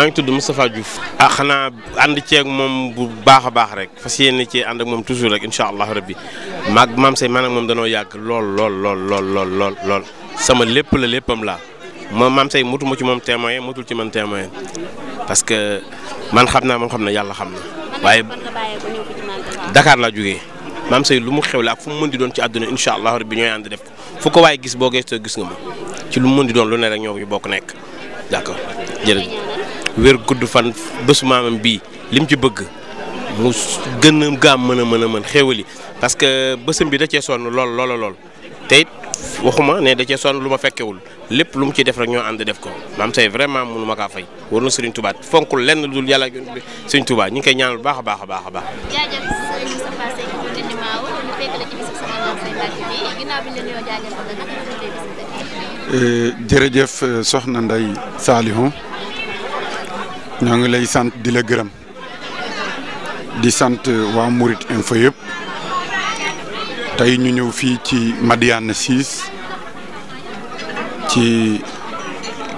maa ngi tudd Moustapha ah, xanaa ànd ceeg moom bu baax a baax rek fas yéene cee ànd ak moom toujours rek incha allah rabbi maag maam say man ak moom danoo yàgg lool lool lool lool lool lool sama lépp la léppam laa moom maam say mutuma ci moom témoin mutul ci man témoin parce que man xam naa moom xam na yàlla xam na waaye Dakar laa jógee maam say lu mu xewle ak fu mu mën di doon ci àdduna incha allah rabbi ñooy ànd def ko fu ko waaye gis boo gëstoo gis nga ma ci lu mu mën di doon lu ne rek ñoo ñu bokk nekk d'accord jërëjëf wér gudd fan bésu maamam bii lim ci bëgg mu gën a gaam mën a mën a mën xéewal yi parce que bésam bi da cee sonn lool loola lool te waxuma ne da cee sonn lu ma fekkewul lépp lu mu ciy def rek ñoo ànd def ko maam say vraiment mënu ma kaa fay war na Serigne Touba fonkul lenn dul yàlla ak yonent bi Serigne Touba ñu ngi koy ñaanal baax a baax a baax a baax. Euh, euh, soxna Ndeye ñoo ngi lay sant di la gërëm di sant waa Mouride Info yëpp tey ñu ñëw fii ci Madiane 6 ci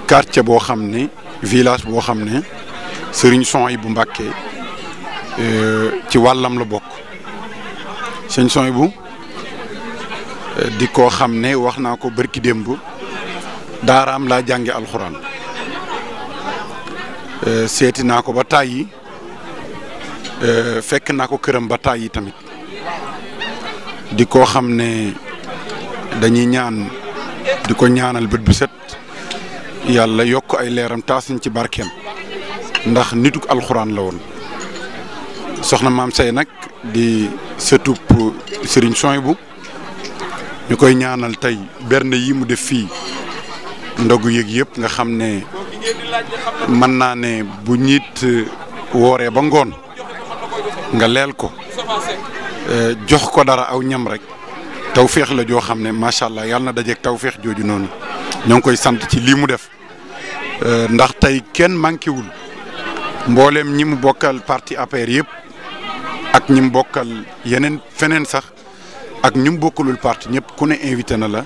quartier boo xam ne village boo xam ne Serigne Souhaïbou Mbacké euh, ci wàllam la bokk Serigne bu euh, di koo xam ne wax naa ko bërki démb daaraam laa jànge alxuraan Eh, seeti naa ko ba tàyyi eh, fekk naa ko këram ba tàyyi tamit di ko xam ne dañuy ñaan di ko ñaanal bët bu set yàlla yokk ay leeram taasuñ ci barkeem ndax nituk alxuraan la woon soxna maam say nag di sëtub Serigne bu ñu koy ñaanal tey bernde yi mu def fii ndogu yeeg yëpp nga xam ne man naa ne bu ñiit wooree ba ngoon nga leel ko euh, jox ko dara aw ñam rek tawféex la joo xam ne macha allah yàlla na dajeeg tawféex jooju noonu ñoo ngi koy sant ci lii mu def euh, ndax tey kenn manqué wul mbooleem ñi mu bokkal parti APR yëpp ak ñi mu bokkal yeneen feneen sax ak ñi mu bokkalul parti ñëpp ku ne invité na la.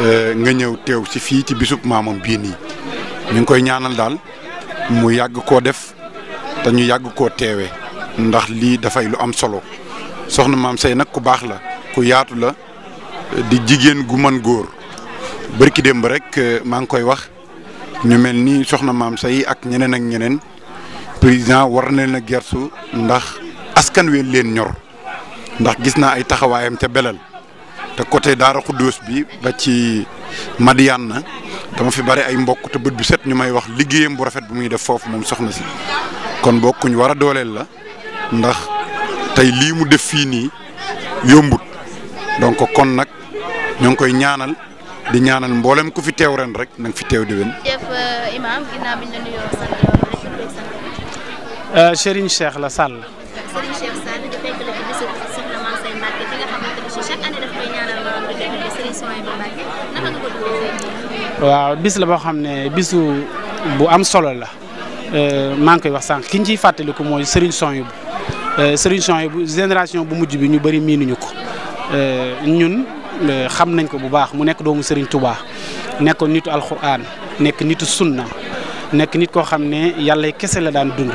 Euh, nga ñëw teew ci fii ci bisub maamam bii nii ñu ngi koy ñaanal daal mu yàgg koo def te ñu yàgg koo teewee ndax lii dafay lu am solo soxna maam say nag ku baax la ku yaatu la di jigéen gu mën góor bërki démb rek euh, maa ngi koy wax ñu mel nii soxna maam say ak ñeneen ak ñeneen président war na leen gersu ndax askan wi leen ñor ndax gis naa ay taxawaayam ca belal te côté Daara Khoudous bi ba ci Madiane dama fi bari ay mbokk te bët bi set ñu may wax liggéeyam bu rafet bu muy def foofu moom soxna si kon bokkuñ war a dooleel la ndax tey lii mu def fii nii yombut donc kon nag ñoo koy ñaanal di ñaanal ku fi ren rek na fi teew di euh, wen. la sant euh, Serigne Cheikh la Sall. Serigne Cheikh. waaw bis la boo xam ne bisu bu am solo la euh, maa ngi koy wax sànq ki ñu ciy fàttaliku mooy Serigne Sonyou yu euh, Serigne Sonyou bu génération bu mujj bi ñu bëri miinuñu ko euh, ñun xam nañ ko bu baax mu nekk doomu Serigne Touba nekkoon nitu alxuraan nekk nitu sunna nekk nit koo xam ne yàlla kese la daan dund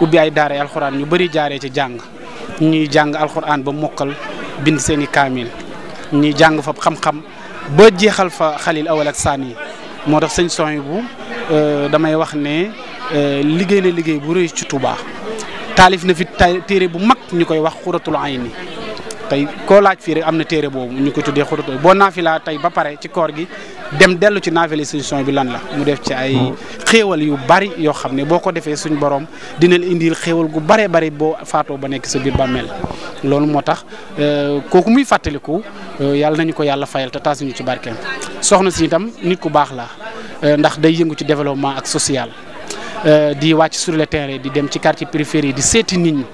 ubbi ay daara alxuraan ñu bëri jaaree ci jàng ñuy jàng alxuraan ba mokkal bind seeni kaamil ñuy jàng fa xam-xam. ba jeexal fa xalil awal ak saani moo tax sëñ Soñ bu damay wax ne liggéey na liggéey bu rëy ci Touba taalif na fi téere bu mag ñu koy wax xuratul ayni tey koo laaj fii am na téere boobu ñu ko tuddee xutut boo naafilaa tey ba pare ci koor gi dem dellu ci naafila solution bi lan la mu def ci ay xéewal yu bari yoo xam ne boo ko defee suñ borom dina la indil xéewal gu bare bari boo faatoo ba nekk sa biir bàmmeel loolu moo tax euh, kooku muy fàttaliku euh, yàlla nañu ko yàlla fayal te taas ñu ci barkeem soxna si itam nit ku baax la euh, ndax day yëngu ci développement ak social di wàcc sur le terrain di dem ci quartier périphérie di seeti nit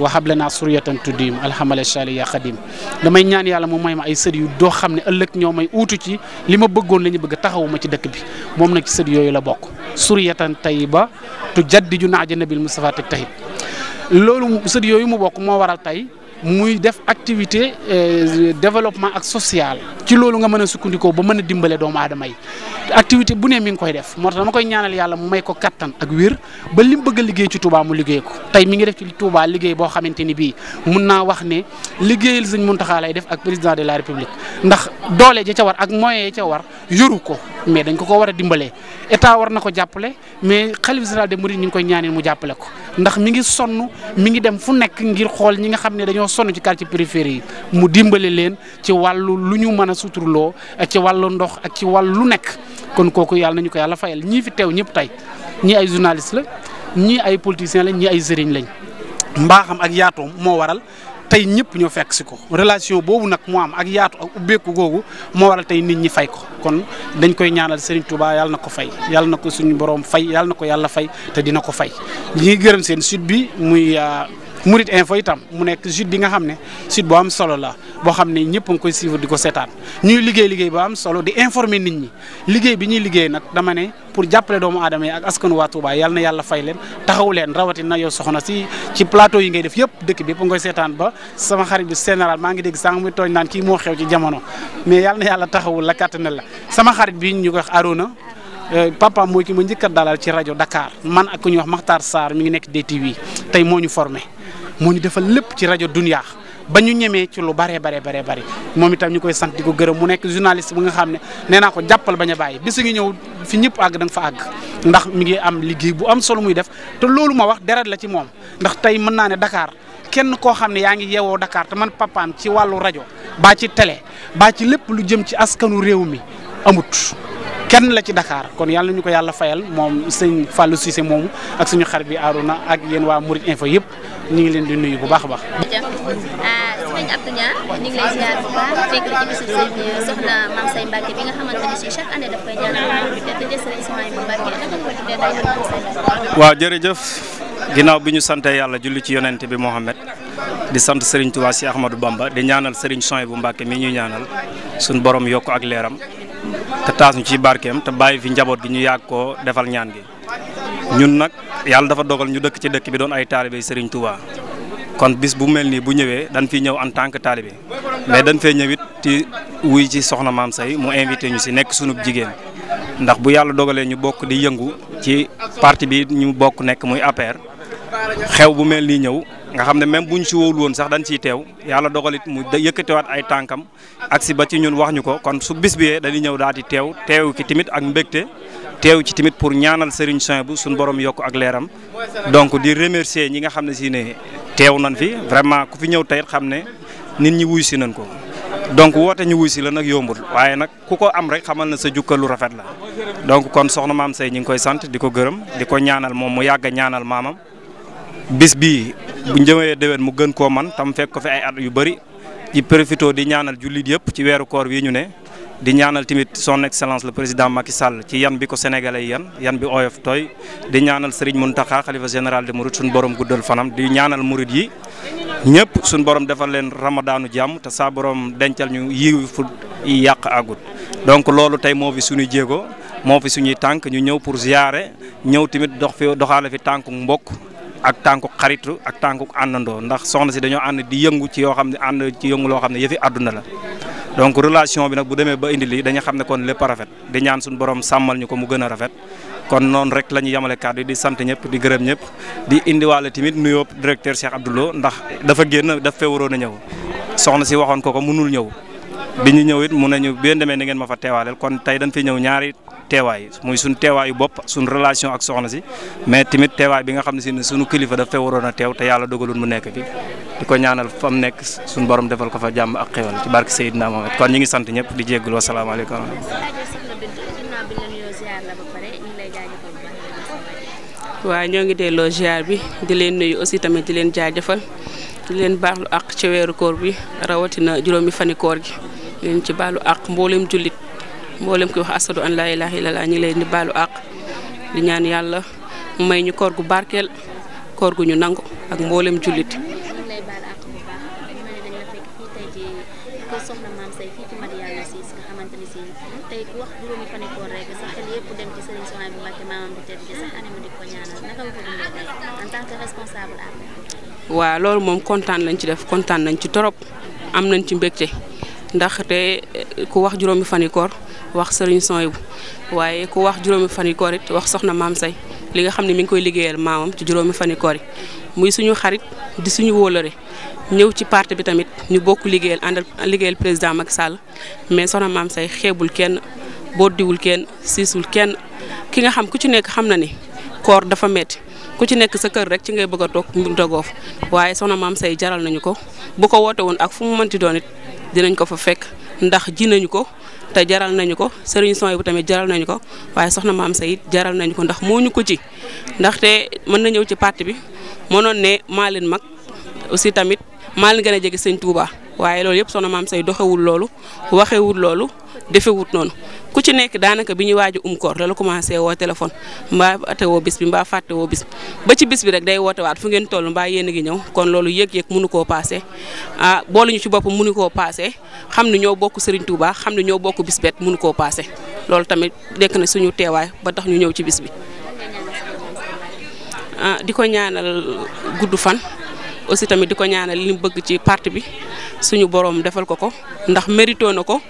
وحبلنا سورية تديم الحمد لله يا خديم دمي نياني على مماي ما يصير يدو خمني ألك نيو ماي أوتشي لما بقول لني بقتها وما تدك بي ممن يصير يو يلا بق سورية تايبا تجد ديجو ناجي نبي المصفات التهيب لول يصير يو يمو بق ما ورا تاي muy def activité euh, développement ak social ci loolu nga mën a sukkandikoo ba mën a dimbale doomu aadama yi activité bu ne mi ngi koy def moo tax dama koy ñaanal yàlla mu may ko kattan ak wér ba li mu bëgg a liggéey ci Touba mu liggéey ko tey mi ngi def ci Touba liggéey boo xamante ni bii mun naa wax ne liggéeyal sëñ Mountakha lay def ak président de la république ndax doole ja ca war ak ca war yoru ko mais dañ ko ko war a dimbalee état war na ko jàppale mais xalifa général des mourides koy mu jàppale ko ngi dem fu nekk ngir xool ñi nga xam ne dañoo dañoo sonn ci quartier périphérie yi mu dimbale leen ci wàllu lu ñu mën a suturloo ak ci wàllu ndox ak ci wàllu lu nekk kon kooku yàlla ñu ko yàlla fayal ñii fi teew ñëpp tey ñii ay journaliste la ñii ay politiciens lañ ñii ay sëriñ lañ mbaaxam ak yaatoom moo waral tey ñëpp ñoo fekk si ko relation boobu nag moo am ak yaatu ak ubbeeku googu moo waral tey nit ñi fay ko kon dañ koy ñaanal Serigne Touba yàlla na ko fay yàlla na ko suñu boroom fay yàlla na ko yàlla fay te dina ko fay ñi gërëm seen sud Mouride info itam mu nekk site bi nga xam site bu am solo la boo xam ne ñëpp koy suivre di ñuy liggéey liggéey bu am solo di informer nit ñi liggéey bi ñuy liggéey nag dama ne pour jàppale doomu aadama yi ak askanu waa Touba yàlla na yàlla fay leen taxaw leen rawatina yow soxna si ci plateau yi ngay def yëpp dëkk bi ba sama xarit bi général maa ngi dégg sànq muy tooñ naan kii moo xew ci jamono mais yalla na yàlla taxawul la kàttanal la sama xarit bi ñu wax euh, papa mooy ki ma dalal ci Dakar man ak maktar ñuy wax Makhtar Sarr mi ngi DTV ñu moo ñu defal lépp ci rajo Dunya ba ñu ñemee ci lu bare bare bare bare moom itam ñu koy sant di ko gërëm mu nekk journaliste bu nga xam ne nee naa ko jàppal baña a bàyyi bis ngi ñëw fi ñëpp àgg da nga fa àgg ndax mi ngi am liggéey bu am solo muy def te loolu ma wax deret la ci moom ndax tey mën naa ne Dakar kenn koo xam ne yaa ngi yeewoo Dakar te man papaam ci wàllu rajo baa ci tele baa ci lépp lu jëm ci askanu réew mi amut kenn la ci Dakar kon yalla ñu ko yalla fayal mom seigne Fallou Cissé mom ak suñu xarit bi aruna ak yeen wa Mouride info yépp ñi ngi leen di nuyu bu baax baax. Ah, sëñ Abdou Niang ñu ngi lay ziar bu baax fekk ci bisu soxna Mbacke bi nga chaque année daf koy julli ci yonent bi mohammed di sante Serigne Touba si Ahmadou Bamba di ñaanal Serigne Soy bu Mbacke mi ñu ñaanal suñu borom yokku ak leeram te taas ñu ci barkeem te bàyyi fi njaboot gi ñu yàgg koo defal ñaan gi ñun nag yàlla dafa dogal ñu dëkk ci dëkk bi doon ay taalibe Serigne Touba kon bis bu mel nii bu ñëwee dañ fiy ñëw en tant que taalibe mais dañ fee ñëwit ci wuy ci soxna maam say mu invité ñu si nekk sunub jigéen ndax bu yàlla dogalee ñu bokk di yëngu ci parti bi ñu bokk nekk muy APR xew bu mel nii ñëw nga xamne même buñ ci wowul won sax dañ ci tew yalla dogalit mu wat ay tankam ak si ba ci ñun wax ñuko kon su bis bié dañ ñëw daati tew tew ki timit ak mbékté tew ci timit pour ñaanal Serigne saint bu suñ borom yok ak léram donc di remercier ñi nga xamne ne si ne teew nañ fi vraiment ku fi ñëw tay xamne nit ñi wuy si nañ ko donc wote ñu wuy si la nak yombul waaye nak ku am rek xamal na sa jukkal lu rafet la donc kon soxna mam sey ñing koy sante di gëreum diko ñaanal mom mu ñaanal mamam bis bii bu njëwee déwén mu gën koo man tam fekk ko fi ay at yu bëri di profité di ñaanal jullit yëpp ci weeru koor wi ñu ne di ñaanal tamit son excellence la président Macky Sall ci yan bi ko sénégale yi yan yan bi oyof tooy di ñaanal Serigne Mountakha xalifa général de Mouride suñu borom guddal fanam di ñaanal Mouride yi ñëpp suñu borom defal leen ramadaanu jàmm te saa borom dencal ñu yiw fu yàq agut donc loolu tey moo fi suñuy jéego moo fi suñuy tànk ñu ñëw pour ziare ñëw tamit dox fi doxaale fi mbokk ak tanku xaritu ak tanku andando ndax soxna ci dañu and di yëngu ci yo xamni and ci yëngu lo xamni yefi aduna la donc relation bi nak bu demee ba indi li dañu kon lépp rafet di ñaan suñu borom samal ñuko mu gëna rafet kon non rek lañu ñuy yamale di sante ñëpp di gërëm ñëpp di indiwaale timit nuyo directeur Cheikh abdullo ndax dafa genn dafa fee waroon ñëw soxna si waxon ko ko mënul ñëw biñu ñu mu nañu bi ñu bien ni ngeen ma fa téwalel kon tay dañ fi ñëw ñaari teewaay muy suñ teewaayu bopp suñ relation ak soxna si mais tamit teewaay bi nga xam ne si ne suñu kilifa daf fee a teew te yàlla dogalul mu nekk fi di ko ñaanal fa nekk suñ borom defal ko fa jàmm ak xéwal ci barke Seydina Mohamed kon ñu ngi sant ñëpp di jéggul wasalaamaaleykum waaw ñoo ngi bi di leen nuyu aussi tamit di leen jaajëfal di leen baalu àq ci weeru koor bi rawatina juróomi mboolem jullit mboolem koy wax asadu an laa ilaaha illallaah ñu leen di baalu àq di ñaan yàlla mu may gu barkeel koor gu ñu nangu ak mboolem jullit. waaw loolu moom kontaan lañ ci def kontaan nañ ci torop am nañ ci mbégte te ku wax juróomi fan wax sëriñ Sooy waaye ku wax juróomi fan yi koor it wax soxna maam say li nga xam ne mu ngi koy liggéeyal maamam ci juróomi fan yi koor yi muy suñu xarit di suñu wóolare ñëw ci parti bi tamit ñu bokk liggéeyal àndal liggéeyal président Macky Sall mais soxna maam say xeebul kenn boddiwul kenn siisul kenn ki nga xam ku ci nekk xam na ni koor dafa metti ku ci nekk sa kër rek ci ngay bëgg a toog mu dogoof waaye soxna maam say jaral nañu ko bu ko woote ko fa fekk ndax ji ko te jaral nañu ko sëriñ son bu tamit jaral nañu ko waaye soxna maam Sayid jaral nañu ko ndax moo ñu ko ci ndaxte mën na ñëw ci parti bi mënoon ne maa leen mag aussi tamit maa leen gën a jege sëñ Touba. waaye loolu yëpp soxna maam say doxewul loolu waxewul loolu defewut noonu ku ci nekk daanaka bi ñuy waaj a um koor la la commencé woo téléphone mbaa ate bis bi mbaa fàtte woo bis bi ba ci bis bi rek day woote fu ngeen toll mbaa yéen ngi ñëw kon loolu yëg-yëg mënu koo paase ah boole ñu ci boppam mënu koo paase xam ne ñoo bokk Serigne Touba xam ne ñoo bokk bis bet mënu koo paase loolu tamit nekk na suñu teewaay ba tax ñu ñëw ci bis bi ah, di ko ñaanal gudd fan. aussi tamit di ko ñaanal li mu bëgg ci parti bi suñu borom defal ko ko ndax mérito na ko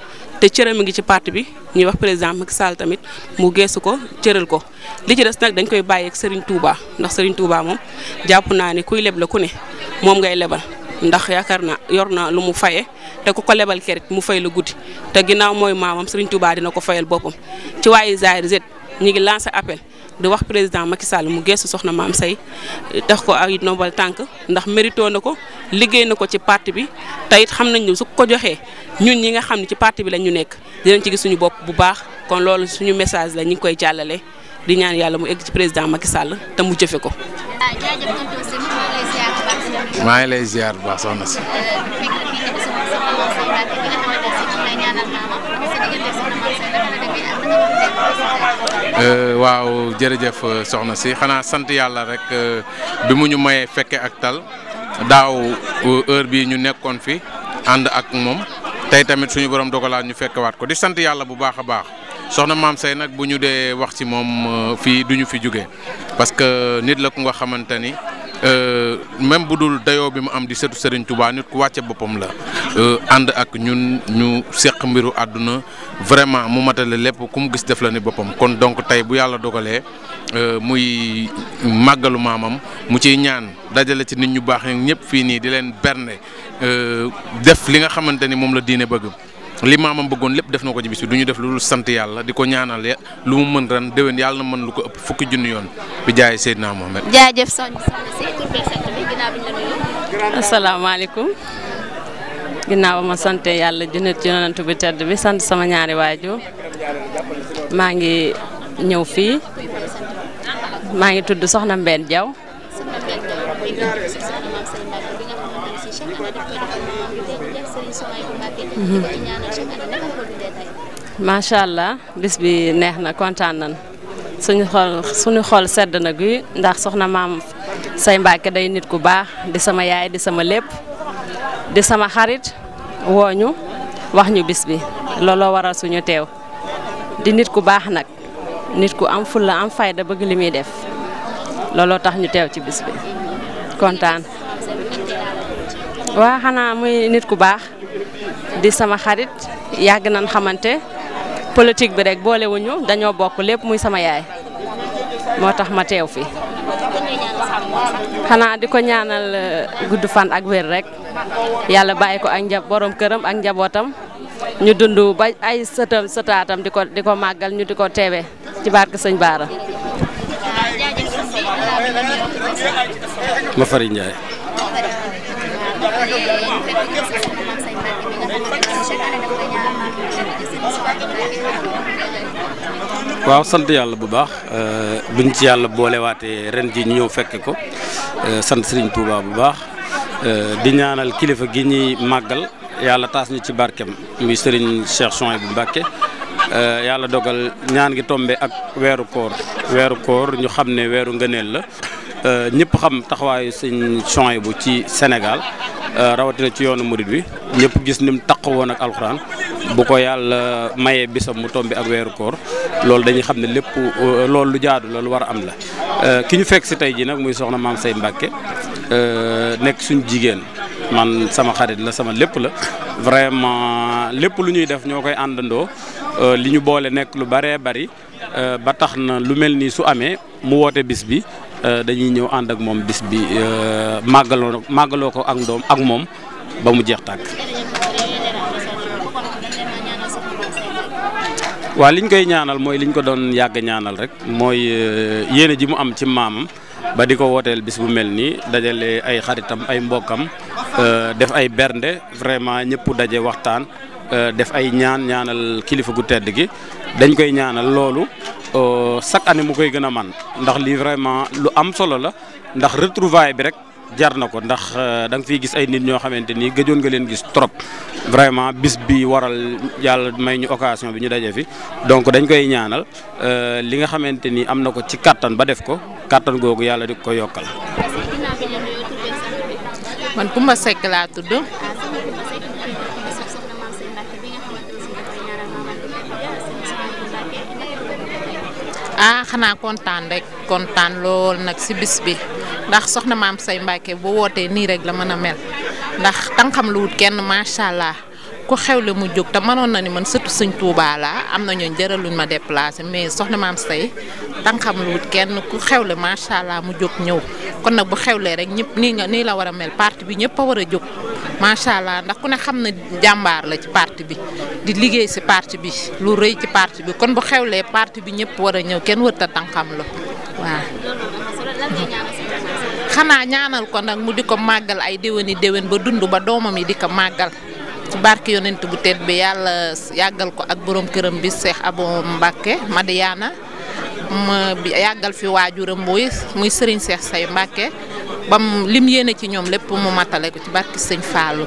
te cëram ngi ci parti bi ñuy wax président Macky Sall tamit mu geesu ko cëral ko li ci des nag dañ koy bàyyi ak Serigne Touba ndax Serigne Touba moom jàpp naa ne kuy leb la ku ne moom ngay lebal ndax yaakaar na yor na lu mu faye te ku ko lebal kerit mu fay la guddi te ginnaaw mooy maamam Serigne Touba dina ko fayal boppam ci waaye Zaire Z ñu ngi lancé appel. di wax président Macky Sall mu geesu soxna maam say tax ko ay nobal tànk ndax mérito na ko liggéey na ko ci parti bi te it xam nañu su ko joxee ñun ñi nga xam ne ci parti bi la ñu nekk dinañ ci gis suñu bopp bu baax kon loolu suñu message la ñu ngi koy jàllale di ñaan yàlla mu egg ci président Macky Sall te mu jëfe ko. maa ngi lay si. Euh, waaw jërëjëf euh, soxna si xanaa sant yàlla rek euh, bi mu ñu mayee fekke ak tal daaw heure bii ñu nekkoon fi ànd ak moom tey tamit suñu borom dogalaat ñu fekkewaat ko di sant yàlla bu baax a baax soxna maam say nag bu ñu dee wax ci moom fii duñu fi jóge parce que nit la ku nga xamante ni. Euh, même bu dul dayoo bi mu am di setu Serigne Touba nit ku wàcce boppam la euh, ànd ak ñun ñu seq mbiru àdduna vraiment mu matale lépp ku mu gis def la ni boppam kon donc tey bu yàlla dogalee euh, muy màggalu maamam mu ciy ñaan dajale ci nit ñu baax ñëpp fii nii di leen berne def li nga xamante ni moom la diine bëgg. li maamam bëggoon lepp def nako ci bisu duñu def lu sant yalla diko ko ñaanal ya, lu mu mën ran déwén yalla na mën lu ko ëpp fukk jinn yoon bi jaay sayyidna Seydina Mohamed. jaajëf soxna si asalaamaaleykum ginnaaw ma sant yàlla ci yonent bi tedd bi sant sama ñaari waju ma ngi ñew fi ma ngi tudd Soxna jaw Mbène Diaw. macha allah bis bi neex na kontaan nan suñu xol suñu xol sedd na guy ndax soxna maam say Mbàkke day nit ku baax di sama yaay di sama lépp di sama xarit wooñu wax ñu bis bi looloo waral suñu teew di nit ku baax nag nit ku am fulla am fayda bëgg li muy def looloo tax ñu teew ci bis bi kontaan waa xanaa muy nit ku baax di sama xarit yàgg nañ xamante politique bi rek boole wuñu dañoo bokk lépp muy sama yaay moo tax ma teew fi xanaa di ko ñaanal uh, gudd fan ak rek ko ak njab borom këram ak botom, ñu dund ba ay sëtam sëtaatam di ko magal ñu di ko ci barke Baara. ma waaw sant yàlla bu baax euh, biñ ci yàlla boolewaatee ren ji ñu ñëw fekke ko euh, sant Serigne Touba bu baax euh, di ñaanal kilifa gi ñuy màggal yàlla taas ñu ci barkem muy Serigne Cheikh Souhaïbou bu Mbacké yàlla dogal ñaan gi tombe ak weeru koor weeru koor ñu xam ne weeru ngëneel la ñëpp xam taxawaayu Serigne Souhaïbou bu ci senegal Euh, rawatina ci yoonu mouride bi ñepp gis nim taq won ak alcorane bu ko yalla maye bisam mu tombi ak wéru koor lool dañuy xamne lepp euh, lool lu jaadu lool war am la euh, ki ñu fekk ci tay ji nak muy soxna mam say nek suñu jigen man sama xarit la sama lepp la vraiment lepp lu ñuy def ñokay andando boole nek lu bare bari ba taxna suame lu melni su amé mu wote bis bi Euh, dañuy ñëw ànd ak moom bis bi euh, màggaloo màggaloo ko ak doom ak moom ba mu jeex tàkk. waa liñ koy ñaanal mooy liñ ko doon yàgg ñaanal rek mooy euh, yéene ji mu am ci maamam ba di ko wooteel bis bu mel nii dajale ay xaritam ay mbokkam def ay bernde vraiment ñëpp daje waxtaan def ay ñaan ñaanal kilifa gu tedd gi dañ koy ñaanal loolu. Euh, chaque année mu koy gëna man ndax li vraiment lu am solo la ndax retrouvaille bi rek jar nako ndax euh, dang fi gis ay nit ñoo xamanteni gëjoon nga leen gis trop vraiment bis bi waral yalla may ñu occasion bi ñu daje fi donc dañ koy ñaanal euh, li nga xamanteni am nako ci carton ba def ko carton gogu yalla di ko yokal man kuma Seck la tuddu ah xanaa kontaan rek kontaan lool nag si bis bi ndax soxna maam say Mbàkke bu wootee nii rek la mën a mel ndax tànqam lu wut kenn macha allah ku xewle mu juk ta manon na ni man sëtu seigne Touba la amna ñu ñooñ jëraluñ ma déplacer mais soxna maam sey tankam lu wut kenn ku xewle sha allah mu juk ñew kon nak bu xewle rek ñep ni nga ni la wara mel parti bi ñep wara juk ma sha allah ndax ku ne xamna jambar la ci parti bi di liggéey si parti bi lu reuy ci parti bi kon bu xewle parti bi ñep wara ñew kenn wër ta tànqam la waaw. xanaa ñaanal ko nak mu diko magal màggal ay deweni dewen ba dundu ba domam yi diko magal ci barke yonent bu tedd bi yàlla yàggal ko ak boroom këram bi Cheikh Abo Mbacke Madiana ma yàggal fi waajuram buy muy Serigne Cheikh Say Mbacke bam lim yéene ci ñoom lépp mu matale ko ci barke Sëñ Fallou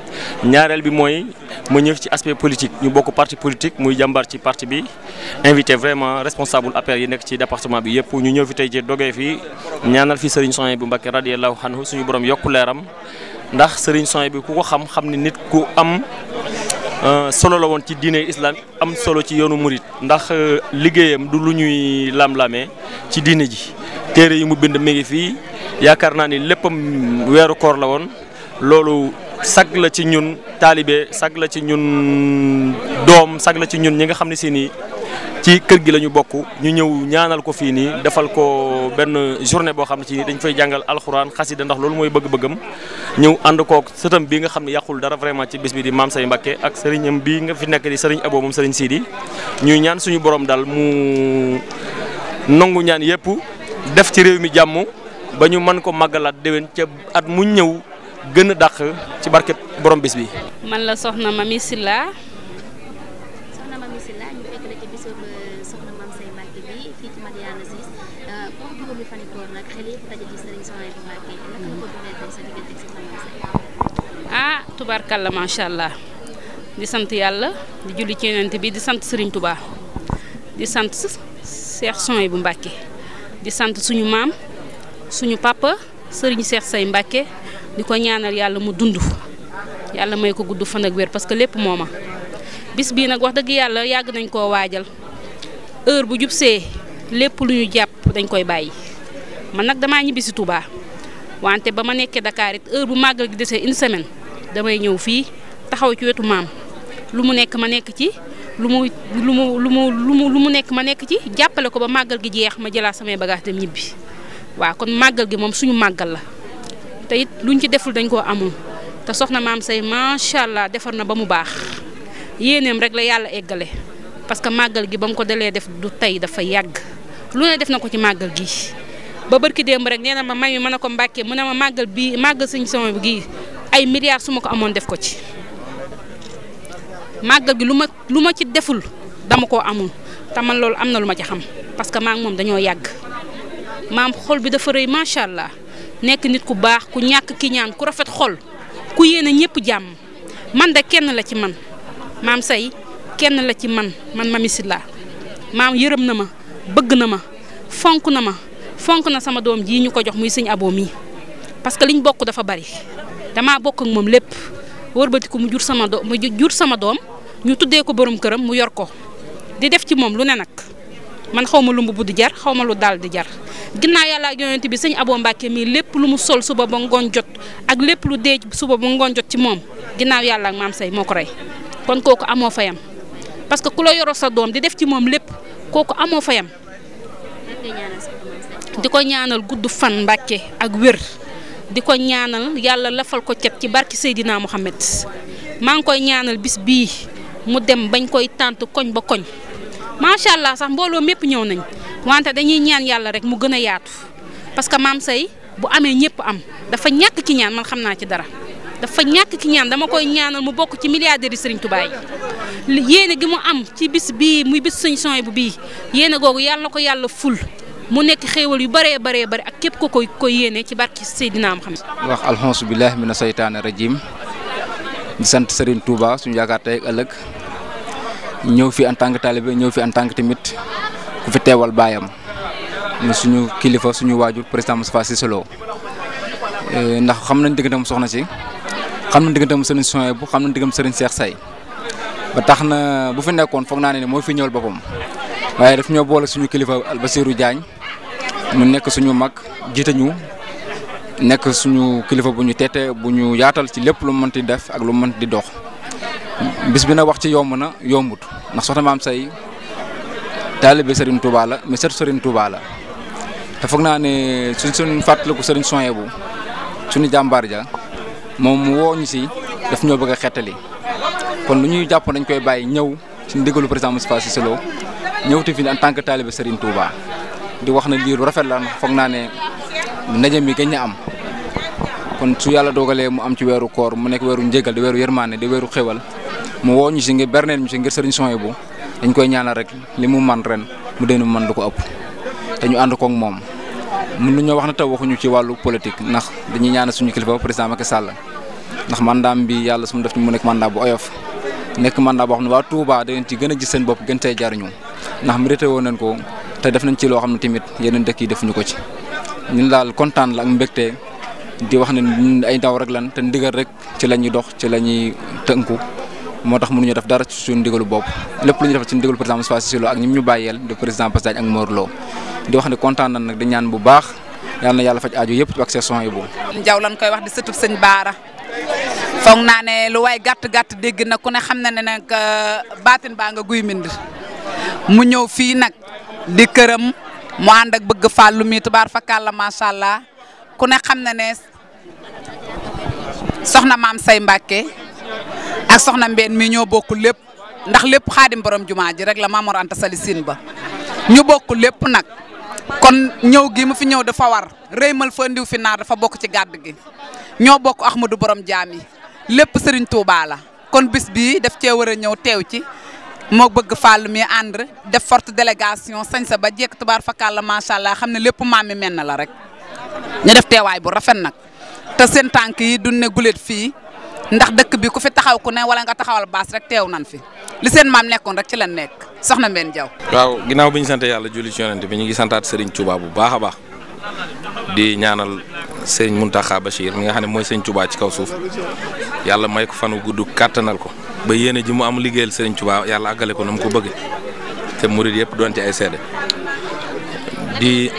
ñaareel bi mooy ma ñëw ci aspect politique ñu bokk parti politique muy jàmbaar ci parti bi invité vraiment responsable APR yi nekk ci département bi yëpp ñu ñëw fi tey ji dogee fi ñaanal fi Serigne Soye bu Mbacké radiyallahu anhu suñu borom yokku leeram ndax Serigne Soye bi ku ko xam xam ni nit ku am euh, solo la woon ci diine islam am solo ci yoonu murid ndax euh, liggéeyam du lu ñuy lam lamé ci diine ji téere yi mu bind mi ngi fii yaakaar naa ni léppam weeru koor la sag la ci ñun talibé sag la ci ñun dom sag la ci ñun ñi nga xamni ci ni ci kër gi lañu bokku ñu ñëw ñaanal ko fi ni defal ko ben journée bo xamni ne ci dañ fay jangal alxuraan khassida ndax loolu moy bëgg-bëggam ñëw ànd koog sëtam bi nga xamni yaqul dara vraiment ci bis bi di mam say mbacké ak sëriñam bi nga fi nekk di sëriñ abo mom sëriñ sidi ñuy ñaan suñu borom dal mu nongu ñaan yépp def ci réew mi jamm bañu man ko magalat dewen ci at mu ñëw gën dakk ci barkeb borom bis bi. man la soxna Mami Silla. soxna Mami Silla ñu eggale ci bisub euh, soxna mam Say Mbacke bi fi ci Madiyana Ciss wax euh, juróomi fani koor nak xeli yëpp daje ci Serigne soxna bi Mbacke naka la ko dundee tey sa diggante soxna mam Say. ah ma sha allah di sante yalla di julli ci yonent bi di sante Serigne Touba di sante Cheikh soxna bu mbacké di sante suñu mam suñu papa Serigne Cheikh Say mbacké di ko ñaanal yàlla mu dund yàlla may ko gudd fan ak wér parce que lépp mooma bis bii nag wax dëgg yàlla yàgg nañ koo waajal heure bu jubsee lépp lu ñu jàpp dañ koy bàyyi man nag damaa ñibbisi si wante ba ma nekkee Dakar it heure bu màggal gi desee une semaine damay ñëw fii taxaw ci wetu maam lu mu nekk ma nekk ci lu mu lu mu lu mu lu mu nekk ma nekk ci jàppale ko ba màggal gi jeex ma jëlaat samay bagages dem ñibbi waaw kon màggal gi moom suñu màggal la. te it luñ ci deful dañ koo amul te soxna maam say macha allah defar na ba mu baax yéeneem rek la yàlla eggale parce que màggal gi ba mu ko dalee def du tey dafa yàgg lu ne def na ko ci màggal gi ba barki démb rek nee na ma may mi mën a ko mbàkkee mu ne ma màggal bii màggal suñu sama gi ay milliards su ma ko amoon def ko ci màggal gi lu ma lu ma ci deful dama koo amul te loolu am na lu ma ci xam parce que maa moom dañoo yàgg maam xol bi dafa rëy macha allah nekk nit ku baax ku ñàkk ki ñaan ku rafet xol ku yéene ñëpp jàmm man da kenn la ci man maam say kenn la ci man man Mamy Sylla maam yërëm na ma bëgg na ma fonk na ma fonk na sama doom jii ñu ko jox muy sëñ aboo mii parce que liñ bokk dafa bari damaa bokk moom lépp wërbatiku mu jur sama doom mu jur sama doom ñu tuddee ko borom këram mu yor ko di def ci moom lu ne nag man xaw ma lu mbubb di jar xaw ma lu daal di jar ginnaaw yàlla ak yonent bi sëñ aboo Mbàkke mii lépp lu mu sol suba ba ngoon jot ak lépp lu dee suba ba ngoon jot ci moom ginnaaw yàlla ak maam say moo ko rey kon kooku amoo fayam parce que ku la yoroo sa doom di def ci moom lépp kooku amoo fayam di ko ñaanal gudd fan Mbàkke ak wér di ko ñaanal yàlla lafal ko cet ci barki Seydina Muhammad maa ngi koy ñaanal bis bii mu dem bañ koy tànt koñ ba koñ macha allah sax mbooloo mépp ñëw nañ wante dañuy ñaan yàlla rek mu gën a yaatu parce que maam say bu amee ñëpp am dafa ñàkk ki ñaan man xam naa ci dara dafa ñàkk ki ñaan dama koy ñaanal mu bokk ci milliardaires yi Serigne Touba yi yéene gi mu am ci bis bii muy bis sëñ Serigne bu bii yéene googu yàlla ko yàlla ful mu nekk xéewal yu bëree bëree bëri ak képp ko koy koy yéene ci barki Seydina Muhammad wax alhamdulilah mina seytaane rajim di sant Serigne Touba suñu yaakaar tey ak ëllëg ñëw fi en tant que talibé ñëw fi en tant que tamit ku fi teewal baayam muy suñu kilifa suñu waajur président Moustapha Cissé Lo eh, ndax xam nañ digganteem soxna si xam nañ digganteem sëriñ Sonia bu xam nañ digganteem sëriñ Cheikh Say ba tax na bu fi nekkoon foog naa ne mooy fi ñëwal boppam waaye daf ñoo boole suñu kilifa Albasirou Diagne mu nekk suñu mag jiitañu nekk suñu kilifa bu ñu teetee bu ñu yaatal ci lépp lu mu mënti def ak lu mu mënti di dox. bis bi na wax ci yomb na yombut ndax soxna maam say taalibe Serigne Touba la mais seetu Serigne Touba la te foog naa ne suñ suñ fàttaliku Serigne bu suñu jàmbaar ja moom woo ñu si daf ñoo bëgg a xettali kon lu ñuy jàpp dañ koy bàyyi ñëw ci ndigalu président Moustapha si Lo ñëwti fi en tant que taalibe Serigne Touba di wax na lii lu rafet la ndax foog naa ne ndaje mi gën a am kon su yàlla dogalee mu am ci weeru koor mu nekk weeru njëgal di weeru yërmaane di weeru xéwal mu woo ñu si ngir berneel ñu si ngir sëriñ Souhaibou dañ koy ñaanal rek li mu man ren mu déglu man du ko ëpp te ñu ànd kook moom. mën nañoo wax na taw waxuñu ci wàllu politique ndax dañuy ñaanal suñu kilifa président Macky sàll ndax mandaam bi yàlla su def mu nekk mandat bu oyof nekk mandat boo xam ne waa Touba da ci gën a gis seen bopp gën tey jariñu ndax mérité woon nañ ko te def nañ ci loo xam ne tamit yeneen dëkk yi defuñu ko ci. ñun daal kontaan la ak di wax ne ay ndaw rek lan te ndigal rek ci la dox ci la tënku. moo tax mënuñu def dara ci suñu ndigalu bopp lépp lu ñu def ci ndigalu président Moustapha Cissé Lo ak ñim ñu bàyyeel de président Bass Diagne ak Mor di wax ne kontaan nañ nag di ñaan bu baax yàlla na yàlla faj ajo yëpp ci ak saison yi bu jaw koy wax di sëtub sëñ Baara foog naa ne lu waaye gàtt gàtt dégg na ku ne xam na ne nag euh, baatin baa nga guy mind mu ñëw fii nag di këram mu ànd ak bëgg fàllu mi tubaar fakàlla macha allah ku ne xam na ne soxna maam say Mbàkke ak soxna Mbène mi ñoo bokk lépp ndax lépp xaadim borom jumaa ji rek la Mamour Anta Sali Sine ba ñu bokk lépp nag kon ñëw gi mu fi ñëw dafa war rëymal fa ndiw fi naar dafa bokk ci gàdd gi ñoo bokk Ahmadou borom jaam yi lépp Serigne Touba la kon bis bii daf cee war a ñëw teew ci moo bëgg fàll mi ànd def forte délégation sañ sa ba jekk tubaar fakal la macha allah xam ne lépp maam mi menn la rek ñu def teewaay bu rafet nag te seen tànk yi du ne ndax dëkk bi ku fi taxaw ku ne wala nga taxawal baas rek teew nan fi li seen maam nekkoon rek ci la nekk soxna Mbène Diaw. waaw ginnaaw bi ñu sant yàlla julli ci yonent bi ñu ngi santaat Serigne Touba bu baax a baax di ñaanal Serigne Mountakha Bachir mi nga xam ne mooy Serigne Touba ci kaw suuf yàlla may ko fanu gudd kàttanal ko ba yéene ji mu am liggéeyal Serigne Touba yàlla àggale ko na mu ko bëggee te murid yëpp doon ci ay seede di.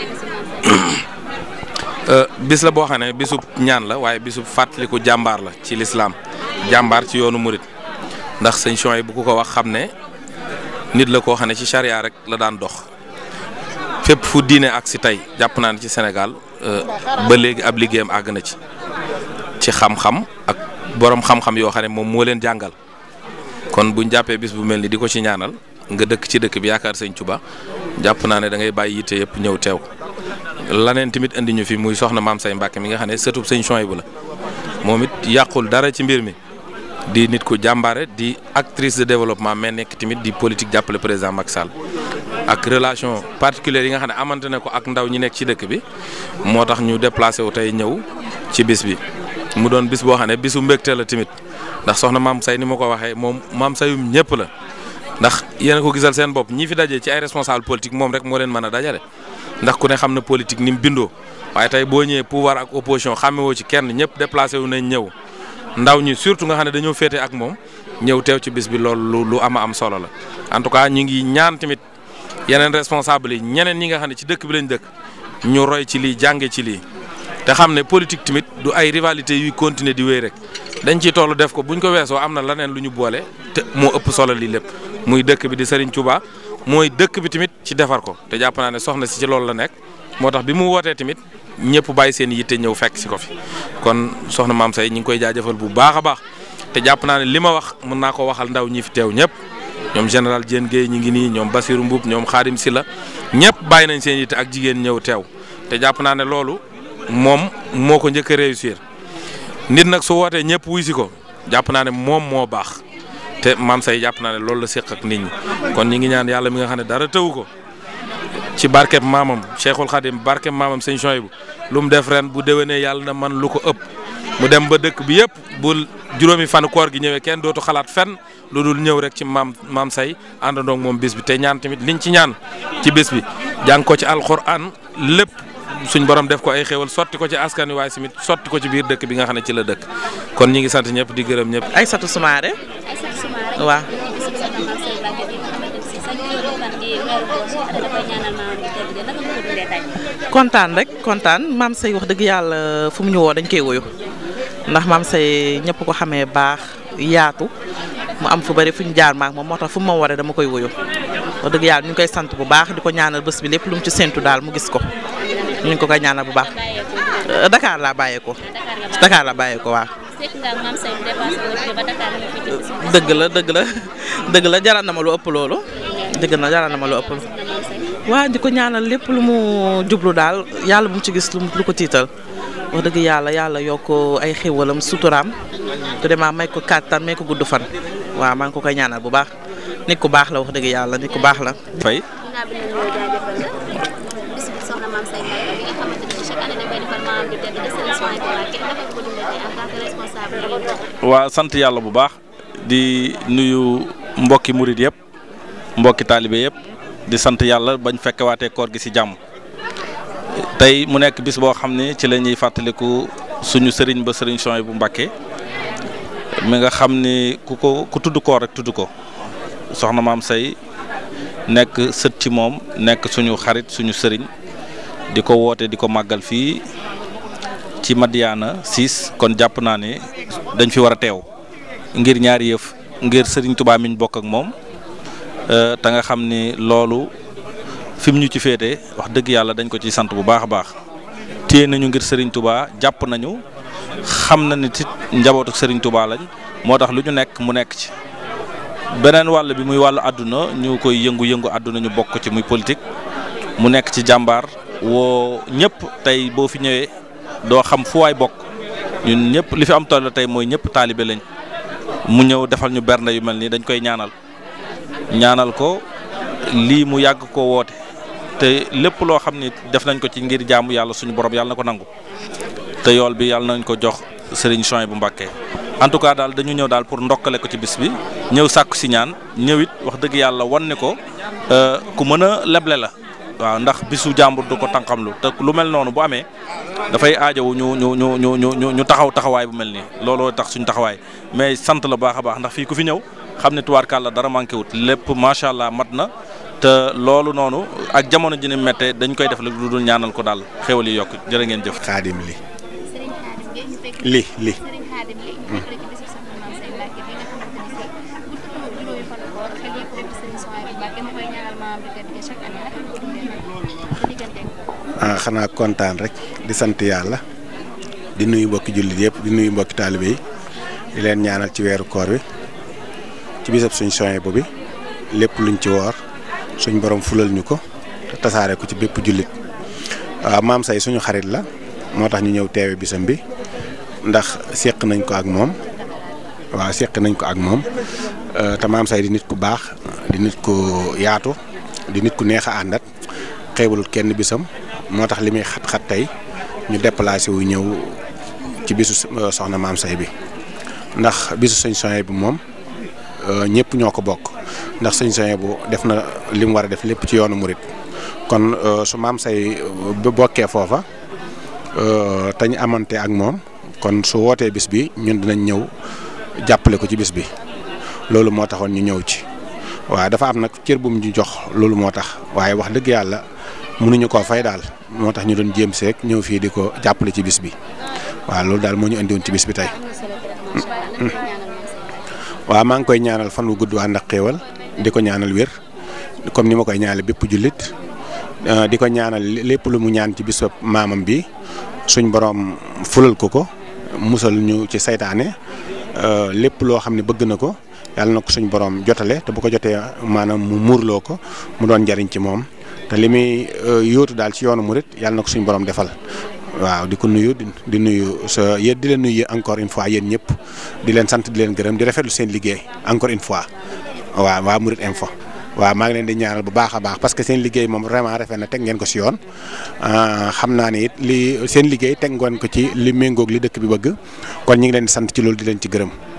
Euh, bis la boo xam ne bisub ñaan la waaye bisub ko jàmbaar la ci lislaam jàmbaar ci yoonu murit ndax sëñ Chouaïb bu ko wax xam ne nit la ko xam ne ci charia rek la daan dox fépp fu diine ak si tey jàpp naa ne ci Sénégal euh, ba léegi ab liggéeyam àgg na ci ci xam-xam ak boroom xam-xam yoo xam ne moom moo leen jàngal kon buñ jàppee bis bu mel ni di ko ci ñaanal nga dëkk ci dëkk bi yaakaar sëñ Touba jàpp naa ne da ngay bàyyi yitte yëpp ñëw teew. laneen tamit indi ñu fi muy soxna maam say Mbàkke mi nga xam ne sëtub sëñ bu la moom it yàqul dara ci mbir mi di nit ku jàmbaare di actrice de développement mais nekk tamit di politique jàppale président Macky Sall ak relation particulière yi nga xam ne amante ne ko ak ndaw ñi nekk ci dëkk bi moo tax ñu déplacé wu tey ñëw ci bis bi mu doon bis boo xam ne bisu mbégte la tamit ndax soxna maam say ni ma ko waxee moom maam sayum ñëpp la ndax yéen k ko gisal seen bopp ñi fi dajee ci ay politique moom rek moo leen mën a dajale ndax ku ne xam na politique ni mu bindoo waaye tey boo ñëwee pouvoir ak opposition xàmmewoo ci kenn ñëpp déplacé wu nañ ñëw ndaw ñi surtout nga xam ne dañoo féete ak moom ñëw teew ci bis bi loolu lu ama am solo la. en tout cas ñu ngi ñaan tamit yeneen responsable yi ñeneen ñi nga xam ne ci dëkk bi lañ dëkk ñu roy ci lii jànge ci lii. te xam ne politique tamit du ay rivalité yuy continuer di wéy rek dañ ciy toll def ko buñ ko weesoo am na leneen lu ñu boole te moo ëpp solo lii lépp muy dëkk bi di Serigne Touba mooy dëkk bi tamit ci defar ko te jàpp naa ne soxna si ci loolu la nekk moo tax bi mu wootee tamit ñëpp bàyyi seen yitte ñëw fekk si ko fi kon soxna maam say ñi ngi koy jaajëfal bu baax a baax te jàpp naa ne li ma wax mun naa ko waxal ndaw ñi fi teew ñëpp ñoom général Diène Guèye ñi ngi nii ñoom Basirou Mbuub ñoom Xaadim Silla ñëpp bàyyi nañ seen yitte ak jigéen ñëw teew te jàpp naa ne loolu moom moo ko njëkk a réussir nit nag su wootee ñëpp wuy si ko jàpp naa ne moom moo baax te maam say jàpp naa ne loolu la séq ak nit ñi kon ñi ngi ñaan yàlla mi nga xam ne dara tëwu ko ci barkeb maamam Cheikhul Khadim barkeb maamam sëñ Chouaïbou lu mu def ren bu déwénee yàlla na man lu ko ëpp mu dem ba dëkk bi yëpp bu juróomi fan koor gi ñëwee kenn dootu xalaat fenn lu dul ñëw rek ci maam maam say àndandoo moom bis bi te ñaan tamit liñ ci ñaan ci bis bi jàng ci alxuraan suñ borom def ko ay xewal soti ko ci askan wi way simit soti ko ci biir dekk bi nga xamne ci la dekk kon ñi ngi sant ñep di gërëm ay satu sumaré wa kontaan rek kontaan mam say wax deug yalla fu mu ñu woo dañ koy wuyu ndax mam say ñëpp ko xamé baax yaatu mu am fu bari fu ñu jaar maak mom motax fu ma waree dama koy wuyu wax dëgg ñu koy sant bu baax di ñaanal bëss bi lepp lu mu ci sentu dal mu gis ko ñu ngi ko koy ñaanal bu baax. Euh, Dakar laa bàyyeekoo. Dakar laa bàyyeekoo waaw. dëgg la dëgg la dëgg la jaral na ma lu ëpp loolu. dëgg na jaral na ma lu ëpp loolu. waa di ko ñaanal lépp lu mu jublu daal yàlla bu mu ci gis lu ko tiital. wax dëgg yàlla yàlla yokk ay xéwalam suturaam vraiment may ko kàttan may ko gudd fan waaw maa ko koy ñaanal bu baax nit ku baax la wax dëgg yàlla nit ku baax la. fay. wa sant yalla bu baax di nuyu mbokki mouride yeb mbokki taalibe yeb di sant bagn bañ waté koor gi ci jamm tay mu nek bis bo xamné ci lañuy ñuy suñu sëriñ ba sëriñ Souhaïbou bu Mbàkke mi nga xamné kuko ku ko koor rek tuddu ko soxna maam say nek sët ci mom nek suñu xarit suñu sëriñ di woté diko di fi ci Madiana 6 kon japp na ni dañ fi wara tew ngir ñaar yef ngir Serigne Touba miñ bok ak euh ta nga xamni ni fim fi ñu ci fété wax deug yalla dañ ko ci sante bu baax baax téye nañu ngir Serigne Touba japp nañu xam na ni ci njabootu Serigne Touba lañ motax luñu nek mu nek ci benen wàll bi muy wal aduna ñu koy yëngu-yëngu aduna ñu bok ci muy politique mu nek ci jambar wo ñëpp tay bo fi ñëwee. doo xam fu waay bokk ñu ñëpp li fi am toll tey mooy ñëpp taalibe lañ mu ñëw defal ñu bernde yu mel nii dañ koy ñaanal ñaanal ko lii mu yàgg koo woote te lépp loo xam ni def nañ ko ci ngir jaamu yàlla suñu borom yàlla na ko nangu te yool bi yàlla nañ ko jox Serigne Choy bu Mbàkke en tout cas daal dañu ñëw daal pour ndokkale ko ci bis bi ñëw sàkku si ñaan ñëwit wax dëgg yàlla wan ne ko euh, ku mën a leble la. waaw ndax bisu jàmbur du ko tànqamlu te lu mel noonu bu amee dafay aajowu ñu ñu ñu ñu ñu ñu taxaw taxawaay bu mel nii looloo tax suñ taxawaay mais sant la baax a baax ndax fii ku fi ñëw xam ne tubaarkàlla dara manqué wut lépp macha allah mat na te loolu noonu ak jamono ji ni méttee dañ koy def lu dul ñaanal ko daal xéwal yi yokk jërë ngeen jëf. xaadim li li li. ah xanaa kontaan rek di sant yàlla di nuyu mbokki jullit yëpp di nuyu mbokki taalibe yi di leen ñaanal ci weeru koor wi ci bisab suñ soñe bu bi lépp luñ ci woor suñ borom fulal ñu ko tasaare ko ci bépp jullit waaw ah, maam say suñu xarit la moo tax ñu ñëw teewe bisam bi ndax seq nañ ko ak moom waaw seq nañ ko ak moom ah, te maam say di nit ku baax di nit ku yaatu di nit ku neex àndat xeebalut kenn bisam moo tax li muy xat-xat tey ñu déplacé wu ñëw ci bisu euh, soxna maam bi ndax bisu sëñ soye bi moom euh, ñëpp ñoo ko bokk ndax sëñ soye bu def na li mu war a def lépp ci yoonu murit kon euh, su maam say bokkee foofa te ñu amante ak moom kon su wootee bis bi ñun dinañ ñëw jàppale ko ci bis bi loolu moo taxoon ñu ñëw ci waaw dafa am nag cër bu mu ñu jox loolu moo tax waaye wax dëgg yàlla mënuñu koo fay daal moo tax ñu doon jéem seek ñëw fii di ko jàppale ci bis bi waaw loolu daal moo ñu indiwoon ci bis bi tey. Mm. waaw maa ngi koy ñaanal fan wu gudd waa ndax xéewal di ko ñaanal wér comme ni ma koy ñaanal bépp jullit euh, di ko ñaanal lépp lu mu ñaan ci bisub maamam bi suñ boroom fulal ko ko musal ñu ci saytaane euh, lépp loo xam ne bëgg na ko yàlla na ko suñ borom jotale te bu ko jotee maanaam mu muurloo ko mu doon njariñ ci moom. te li muy euh, yóotu daal ci yoonu murit yàlla na ko suñu borom defal waaw di ko nuyu di nuyu sa yéen di leen nuyu encore une fois yéen ñëpp di leen sant di leen gërëm di rafetlu seen liggéey encore une fois waaw waa Mouride Info. waa maa ngi leen di ñaanal bu baax a baax parce que seen liggéey moom vraiment rafet na teg ngeen ko si yoon ah, xam naa ni it li seen liggéey teg ngeen ko ci li méngoog li dëkk bi bëgg kon ñu ngi leen sant ci loolu di leen ci gërëm.